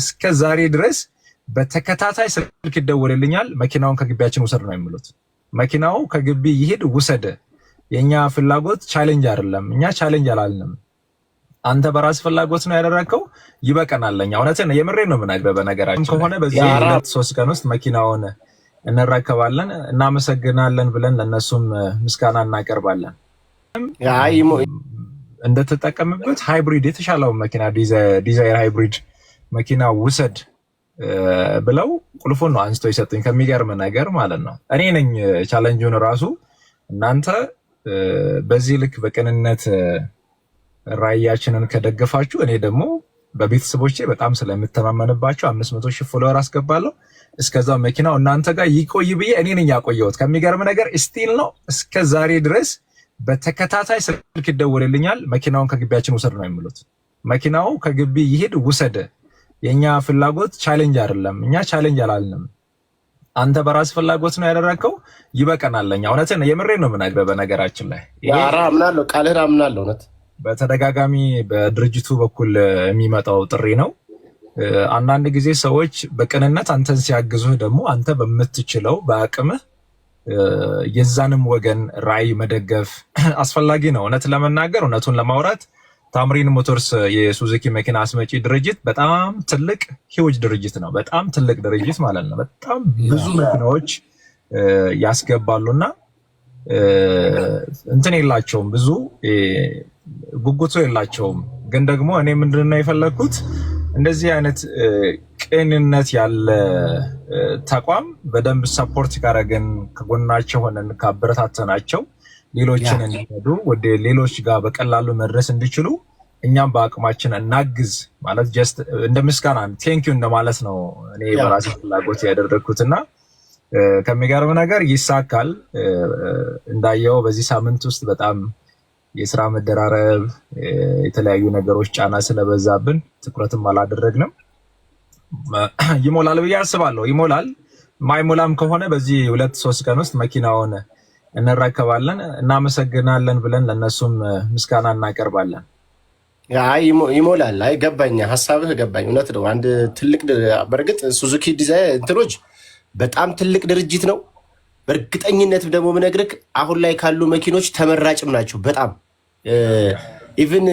እስከ ዛሬ ድረስ በተከታታይ ስልክ ይደወልልኛል። መኪናውን ከግቢያችን ውሰድ ነው የሚሉት። መኪናው ከግቢ ይሄድ ውሰደ። የእኛ ፍላጎት ቻሌንጅ አይደለም። እኛ ቻሌንጅ አላልንም። አንተ በራስ ፍላጎት ነው ያደረግከው። ይበቀናል ለኛ። እውነትን የምሬ ነው የምናግረው። በነገራችን ከሆነ በዚህ ሶስት ቀን ውስጥ መኪናውን እንረከባለን። እናመሰግናለን ብለን ለእነሱም ምስጋና እናቀርባለን። እንደተጠቀምበት ሃይብሪድ የተሻለውን መኪና ዲዛይር ሃይብሪድ መኪና ውሰድ ብለው ቁልፉን ነው አንስቶ ይሰጡኝ። ከሚገርም ነገር ማለት ነው እኔ ነኝ ቻለንጁን ራሱ እናንተ በዚህ ልክ በቅንነት ራያችንን ከደገፋችሁ እኔ ደግሞ በቤተሰቦቼ በጣም ስለምተማመንባቸው አምስት መቶ ሺህ ፎሎወር አስገባለሁ። እስከዛው መኪናው እናንተ ጋር ይቆይ ብዬ እኔ ነኝ ያቆየሁት። ከሚገርም ነገር ስቲል ነው እስከ ዛሬ ድረስ በተከታታይ ስልክ ይደወልልኛል። መኪናውን ከግቢያችን ውሰድ ነው የሚሉት። መኪናው ከግቢ ይሄድ ውሰድ የኛ ፍላጎት ቻሌንጅ አይደለም። እኛ ቻሌንጅ አላልንም። አንተ በራስ ፍላጎት ነው ያደረግከው። ይበቀናል። ለኛ እውነትን የምሬ ነው የምናግረው። በነገራችን ላይ አምናለሁ፣ ቃልህን አምናለሁ። እውነት በተደጋጋሚ በድርጅቱ በኩል የሚመጣው ጥሪ ነው። አንዳንድ ጊዜ ሰዎች በቅንነት አንተን ሲያግዙህ ደግሞ አንተ በምትችለው በአቅምህ የዛንም ወገን ራዕይ መደገፍ አስፈላጊ ነው። እውነት ለመናገር እውነቱን ለማውራት ታምሪን ሞተርስ የሱዙኪ መኪና አስመጪ ድርጅት በጣም ትልቅ ሂውጅ ድርጅት ነው። በጣም ትልቅ ድርጅት ማለት ነው። በጣም ብዙ መኪናዎች ያስገባሉና እንትን የላቸውም፣ ብዙ ጉጉቶ የላቸውም። ግን ደግሞ እኔ ምንድን የፈለግኩት እንደዚህ አይነት ቅንነት ያለ ተቋም በደንብ ሰፖርት ካረግን ከጎናቸው ሆነን ካበረታተናቸው ሌሎችን እንዲረዱ ወደ ሌሎች ጋር በቀላሉ መድረስ እንዲችሉ እኛም በአቅማችን እናግዝ ማለት ጀስት እንደ ምስጋና ቴንኪዩ እንደማለት ነው። እኔ በራሴ ፍላጎት ያደረግኩት እና ከሚገርም ነገር ይሳካል። እንዳየው በዚህ ሳምንት ውስጥ በጣም የስራ መደራረብ፣ የተለያዩ ነገሮች ጫና ስለበዛብን ትኩረትም አላደረግንም። ይሞላል ብዬ አስባለሁ። ይሞላል። ማይሞላም ከሆነ በዚህ ሁለት ሶስት ቀን ውስጥ መኪናውን እንረከባለን። እናመሰግናለን ብለን ለእነሱም ምስጋና እናቀርባለን። ይሞላል። አይ ገባኝ፣ ሀሳብህ ገባኝ። እውነት ነው። አንድ ትልቅ በእርግጥ ሱዙኪ ዲዛይን እንትኖች በጣም ትልቅ ድርጅት ነው። በእርግጠኝነት ደግሞ ምነግርህ አሁን ላይ ካሉ መኪኖች ተመራጭም ናቸው። በጣም ኢቭን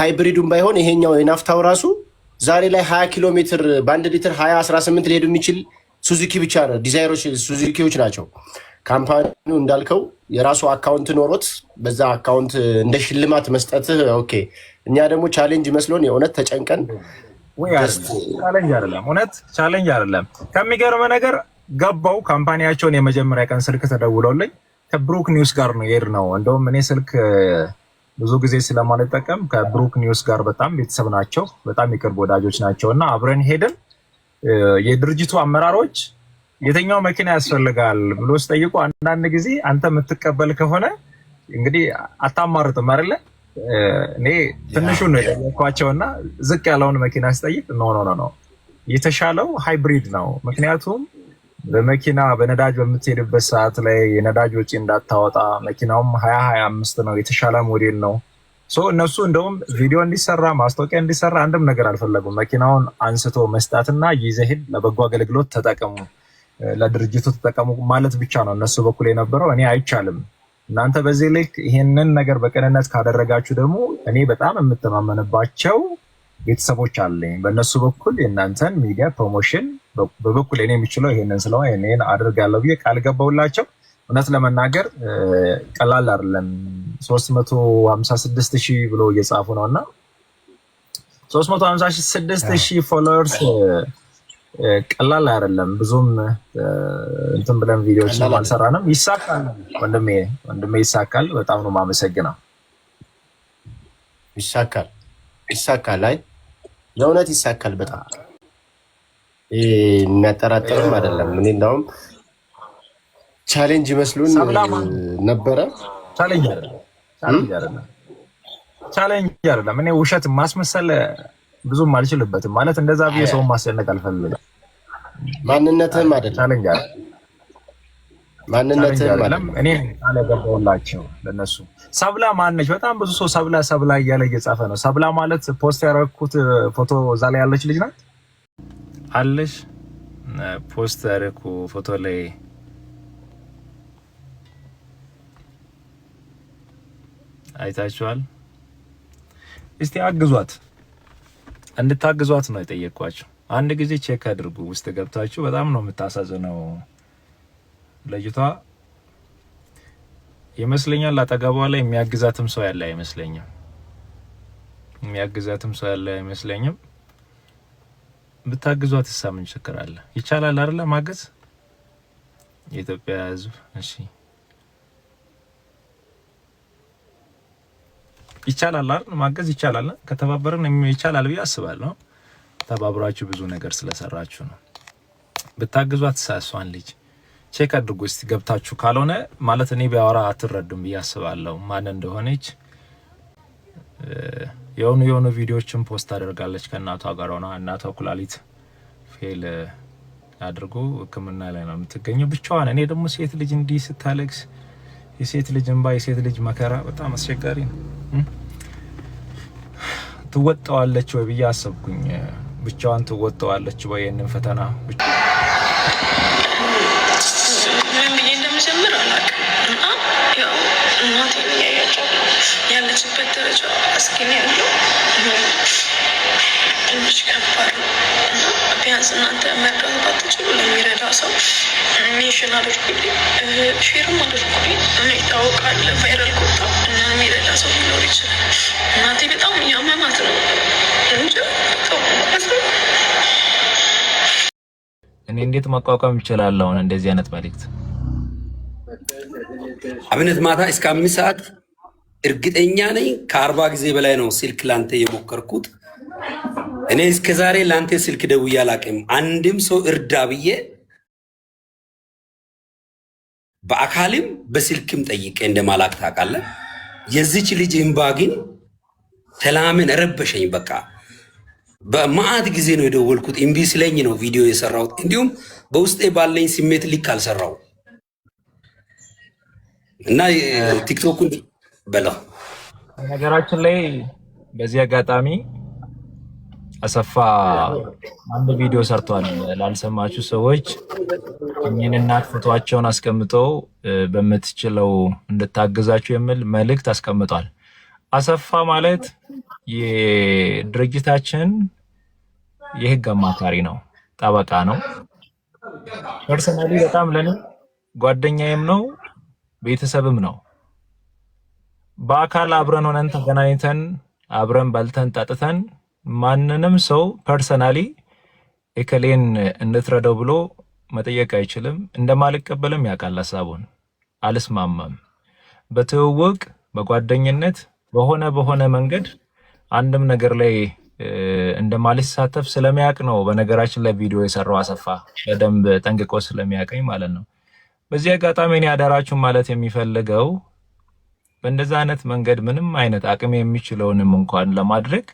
ሃይብሪዱን ባይሆን ይሄኛው የናፍታው ራሱ ዛሬ ላይ 20 ኪሎ ሜትር በአንድ ሊትር 20 18 ሊሄዱ የሚችል ሱዙኪ ብቻ ነው ዲዛይሮች ሱዙኪዎች ናቸው። ካምፓኒው እንዳልከው የራሱ አካውንት ኖሮት በዛ አካውንት እንደ ሽልማት መስጠትህ ኦኬ። እኛ ደግሞ ቻሌንጅ መስሎን የእውነት ተጨንቀን ቻሌንጅ አይደለም፣ እውነት ቻሌንጅ አይደለም። ከሚገርመ ነገር ገባው ካምፓኒያቸውን የመጀመሪያ ቀን ስልክ ተደውሎልኝ ከብሩክ ኒውስ ጋር ነው የሄድ ነው። እንደውም እኔ ስልክ ብዙ ጊዜ ስለማልጠቀም ከብሩክ ኒውስ ጋር በጣም ቤተሰብ ናቸው፣ በጣም የቅርብ ወዳጆች ናቸው እና አብረን ሄድን የድርጅቱ አመራሮች የትኛው መኪና ያስፈልጋል ብሎ ስጠይቁ አንዳንድ ጊዜ አንተ የምትቀበል ከሆነ እንግዲህ አታማርጥም አይደለ? እኔ ትንሹ ነው የጠየኳቸው እና ዝቅ ያለውን መኪና ስጠይቅ ኖ ኖ ነው የተሻለው ሃይብሪድ ነው። ምክንያቱም በመኪና በነዳጅ በምትሄድበት ሰዓት ላይ የነዳጅ ወጪ እንዳታወጣ መኪናውም ሀያ ሀያ አምስት ነው የተሻለ ሞዴል ነው። እነሱ እንደውም ቪዲዮ እንዲሰራ ማስታወቂያ እንዲሰራ አንድም ነገር አልፈለጉም። መኪናውን አንስቶ መስጣትና ይዘህ ሂድ ለበጎ አገልግሎት ተጠቅሙ ለድርጅቱ ተጠቀሙ ማለት ብቻ ነው እነሱ በኩል የነበረው። እኔ አይቻልም። እናንተ በዚህ ልክ ይህንን ነገር በቅንነት ካደረጋችሁ ደግሞ እኔ በጣም የምተማመንባቸው ቤተሰቦች አለኝ። በእነሱ በኩል የእናንተን ሚዲያ ፕሮሞሽን በበኩል እኔ የሚችለው ይሄንን ስለሆነ ይሄን አድርጋለሁ ብዬ ቃል ገባውላቸው። እውነት ለመናገር ቀላል አይደለም። ሶስት መቶ ሀምሳ ስድስት ሺህ ብሎ እየጻፉ ነው እና ሶስት መቶ ሀምሳ ስድስት ሺህ ፎሎወርስ ቀላል አይደለም። ብዙም እንትን ብለን ቪዲዮዎች አልሰራንም። ይሳካል ወንድሜ፣ ወንድሜ ይሳካል። በጣም ነው የማመሰግነው። ይሳካል፣ ይሳካል። አይ ለእውነት ይሳካል። በጣም የሚያጠራጥርም አይደለም። እኔ እንዳውም ቻሌንጅ ይመስሉን ነበረ። ቻሌንጅ አይደለም፣ ቻሌንጅ አይደለም። እኔ ውሸት ማስመሰል ብዙም አልችልበትም ማለት እንደዛ ብዬ ሰውን ማስጨነቅ አልፈልግም። ማንነትህም አይደለም ማንነትህም ለነሱ ሰብላ ማነች? በጣም ብዙ ሰው ሰብላ ሰብላ እያለ እየጻፈ ነው። ሰብላ ማለት ፖስት ያደረኩት ፎቶ እዛ ላይ ያለች ልጅ ናት አለሽ ፖስት ያደረኩ ፎቶ ላይ አይታችኋል። እስቲ አግዟት እንድታግዟት ነው የጠየቅኳቸው። አንድ ጊዜ ቼክ አድርጉ፣ ውስጥ ገብታችሁ በጣም ነው የምታሳዝነው ልጅቷ። ይመስለኛል አጠገቧ ላይ የሚያግዛትም ሰው ያለ አይመስለኝም። የሚያግዛትም ሰው ያለ አይመስለኝም። ብታግዟት ሳ ምን ችግር አለ? ይቻላል አይደለ? ማገዝ የኢትዮጵያ ሕዝብ እሺ ይቻላል አይደል? ማገዝ ይቻላል። ከተባበርን ይቻላል ብዬ አስባለሁ። ተባብራችሁ ብዙ ነገር ስለሰራችሁ ነው። ብታግዟት ሳሷን ልጅ ቼክ አድርጉ እስቲ ገብታችሁ። ካልሆነ ማለት እኔ ቢያወራ አትረዱም ብዬ አስባለሁ ማን እንደሆነች። የሆኑ የሆኑ ቪዲዮዎችን ፖስት አደርጋለች ከእናቷ ጋር ሆና። እናቷ ኩላሊት ፌል አድርጎ ሕክምና ላይ ነው የምትገኘው ብቻዋን። እኔ ደግሞ ሴት ልጅ እንዲህ ስታለቅስ የሴት ልጅ እንባ፣ የሴት ልጅ መከራ በጣም አስቸጋሪ ነው። ትወጣዋለች ወይ ብዬ አሰብኩኝ። ብቻዋን ትወጣዋለች ወይ ይህንን ፈተና? ያለችበት ደረጃ አስጊ ነው። ትንሽ ከባድ ነው። ቢያንስ እናንተ መርዳት ባትችሉ ለሚረዳ ሰው ሜሽን አድርጉልኝ፣ ሼርም አድርጉልኝ። ይታወቃል ቫይራል ቆጣ እና የሚረዳ ሰው ሊኖር ይችላል። እናቴ በጣም እያመማት ነው እንጂ እኔ እንዴት መቋቋም ይችላል? አሁን እንደዚህ አይነት መልእክት አብነት ማታ እስከ አምስት ሰዓት እርግጠኛ ነኝ ከአርባ ጊዜ በላይ ነው ስልክ ላንተ የሞከርኩት እኔ እስከ ዛሬ ለአንተ ስልክ ደውዬ አላውቅም። አንድም ሰው እርዳ ብዬ በአካልም በስልክም ጠይቄ እንደማላቅ ታውቃለህ። የዚች ልጅ እምባ ግን ሰላምን ረበሸኝ። በቃ በመዓት ጊዜ ነው የደወልኩት። እምቢ ስለኝ ነው ቪዲዮ የሰራሁት። እንዲሁም በውስጤ ባለኝ ስሜት ልክ አልሰራው እና ቲክቶኩን በለው ነገራችን ላይ በዚህ አጋጣሚ አሰፋ አንድ ቪዲዮ ሰርቷል። ላልሰማችሁ ሰዎች እኚህን እናት ፎቶቸውን አስቀምጠው በምትችለው እንድታግዛችሁ የሚል መልእክት አስቀምጧል። አሰፋ ማለት የድርጅታችን የህግ አማካሪ ነው፣ ጠበቃ ነው። ፐርሰናሊ በጣም ለኔ ጓደኛዬም ነው፣ ቤተሰብም ነው። በአካል አብረን ሆነን ተገናኝተን አብረን በልተን ጠጥተን ማንንም ሰው ፐርሰናሊ ኤከሌን እንትረደው ብሎ መጠየቅ አይችልም። እንደማልቀበልም ያውቃል ሀሳቡን። አልስማማም። በትውውቅ በጓደኝነት በሆነ በሆነ መንገድ አንድም ነገር ላይ እንደማልሳተፍ ስለሚያውቅ ነው። በነገራችን ላይ ቪዲዮ የሰራው አሰፋ በደንብ ጠንቅቆ ስለሚያውቀኝ ማለት ነው። በዚህ አጋጣሚ እኔ አደራችሁን ማለት የሚፈልገው በእንደዚህ አይነት መንገድ ምንም አይነት አቅም የሚችለውንም እንኳን ለማድረግ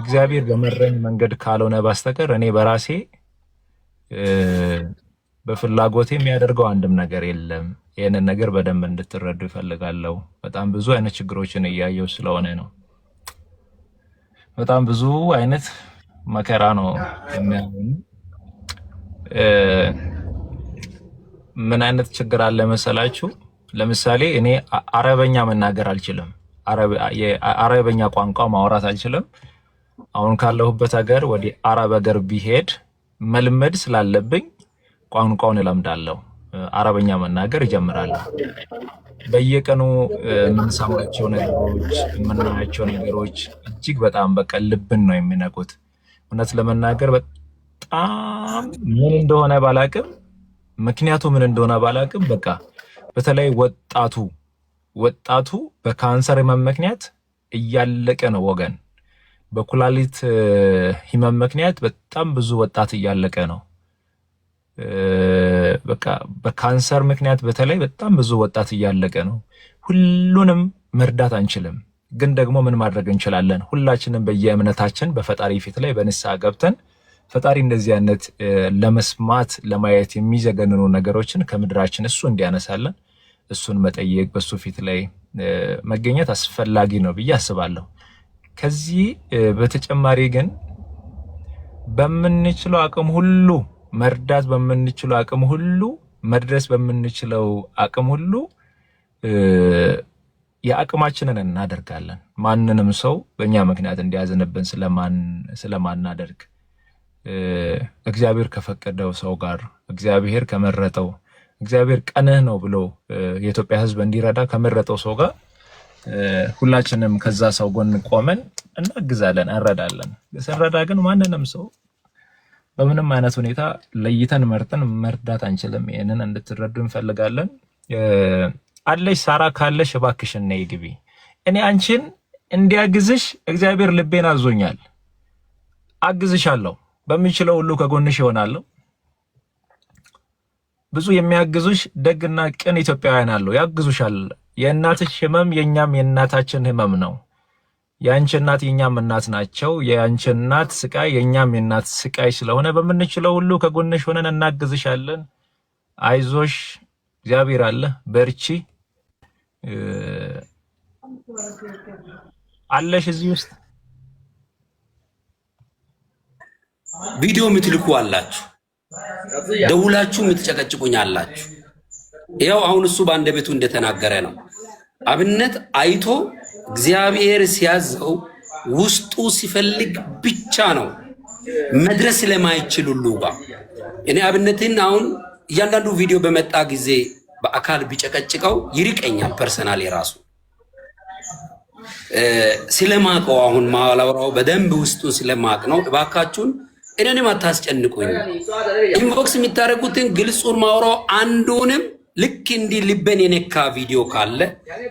እግዚአብሔር በመረኝ መንገድ ካልሆነ በስተቀር እኔ በራሴ በፍላጎቴ የሚያደርገው አንድም ነገር የለም። ይህንን ነገር በደንብ እንድትረዱ ይፈልጋለሁ። በጣም ብዙ አይነት ችግሮችን እያየው ስለሆነ ነው። በጣም ብዙ አይነት መከራ ነው የሚያሆኑ ምን አይነት ችግር አለ መሰላችሁ? ለምሳሌ እኔ አረበኛ መናገር አልችልም። አረበኛ ቋንቋ ማውራት አልችልም። አሁን ካለሁበት ሀገር ወደ አረብ ሀገር ቢሄድ መልመድ ስላለብኝ ቋንቋውን እለምዳለሁ። አረበኛ መናገር እጀምራለሁ። በየቀኑ የምንሰማቸው ነገሮች፣ የምናያቸው ነገሮች እጅግ በጣም በቃ ልብን ነው የሚነኩት። እውነት ለመናገር በጣም ምን እንደሆነ ባላቅም፣ ምክንያቱ ምን እንደሆነ ባላቅም፣ በቃ በተለይ ወጣቱ ወጣቱ በካንሰር ህመም ምክንያት እያለቀ ነው ወገን በኩላሊት ህመም ምክንያት በጣም ብዙ ወጣት እያለቀ ነው። በቃ በካንሰር ምክንያት በተለይ በጣም ብዙ ወጣት እያለቀ ነው። ሁሉንም መርዳት አንችልም፣ ግን ደግሞ ምን ማድረግ እንችላለን? ሁላችንም በየእምነታችን በፈጣሪ ፊት ላይ በንስሐ ገብተን ፈጣሪ እንደዚህ አይነት ለመስማት ለማየት የሚዘገንኑ ነገሮችን ከምድራችን እሱ እንዲያነሳለን እሱን መጠየቅ በሱ ፊት ላይ መገኘት አስፈላጊ ነው ብዬ አስባለሁ። ከዚህ በተጨማሪ ግን በምንችለው አቅም ሁሉ መርዳት በምንችለው አቅም ሁሉ መድረስ በምንችለው አቅም ሁሉ የአቅማችንን እናደርጋለን። ማንንም ሰው በእኛ ምክንያት እንዲያዝንብን ስለማናደርግ እግዚአብሔር ከፈቀደው ሰው ጋር እግዚአብሔር ከመረጠው እግዚአብሔር ቀንህ ነው ብሎ የኢትዮጵያ ሕዝብ እንዲረዳ ከመረጠው ሰው ጋር ሁላችንም ከዛ ሰው ጎን ቆመን እናግዛለን፣ እንረዳለን። ስንረዳ ግን ማንንም ሰው በምንም አይነት ሁኔታ ለይተን መርጠን መርዳት አንችልም። ይህንን እንድትረዱ እንፈልጋለን። አለሽ ሳራ ካለሽ እባክሽን ነይ ግቢ። እኔ አንቺን እንዲያግዝሽ እግዚአብሔር ልቤን አዞኛል። አግዝሻለሁ፣ በምችለው ሁሉ ከጎንሽ ይሆናለሁ። ብዙ የሚያግዙሽ ደግና ቅን ኢትዮጵያውያን አሉ፣ ያግዙሻል። የእናትሽ ህመም የእኛም የእናታችን ህመም ነው። የአንቺ እናት የእኛም እናት ናቸው። የአንቺ እናት ስቃይ የእኛም የእናት ስቃይ ስለሆነ በምንችለው ሁሉ ከጎንሽ ሆነን እናግዝሻለን። አይዞሽ፣ እግዚአብሔር አለ፣ በርቺ አለሽ። እዚህ ውስጥ ቪዲዮ የምትልኩ አላችሁ፣ ደውላችሁ የምትጨቀጭቁኝ አላችሁ ያው አሁን እሱ በአንደበቱ እንደተናገረ ነው። አብነት አይቶ እግዚአብሔር ሲያዘው ውስጡ ሲፈልግ ብቻ ነው መድረስ ስለማይችል ሁሉ ጋር እኔ አብነትን አሁን እያንዳንዱ ቪዲዮ በመጣ ጊዜ በአካል ቢጨቀጭቀው ይርቀኛል። ፐርሰናል የራሱ ስለማቀው አሁን ማላውራው በደንብ ውስጡን ስለማቅ ነው። እባካችሁን እኔንም አታስጨንቁኝ። ኢንቦክስ የሚታረጉትን ግልጹን ማውራው አንዱንም ልክ እንዲህ ልብን የነካ ቪዲዮ ካለ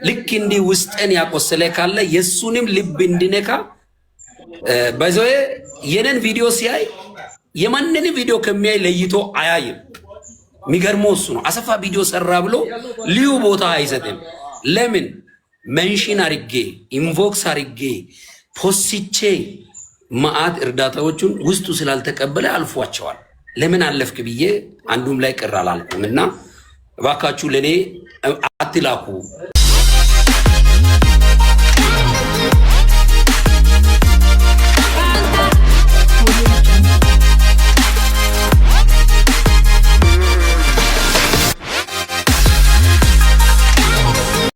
ልክ እንዲህ ውስጤን ያቆሰለ ካለ የእሱንም ልብ እንዲነካ በዚሁ የነን ቪዲዮ ሲያይ የማንንም ቪዲዮ ከሚያይ ለይቶ አያይም። የሚገርመው እሱ ነው። አሰፋ ቪዲዮ ሰራ ብሎ ልዩ ቦታ አይሰጥም። ለምን መንሽን አርጌ ኢንቮክስ አርጌ ፖስቼ ማአት እርዳታዎቹን ውስጡ ስላልተቀበለ አልፏቸዋል። ለምን አለፍክ ብዬ አንዱም ላይ ቅር አላልኩም እና እባካችሁ ለእኔ አትላኩ።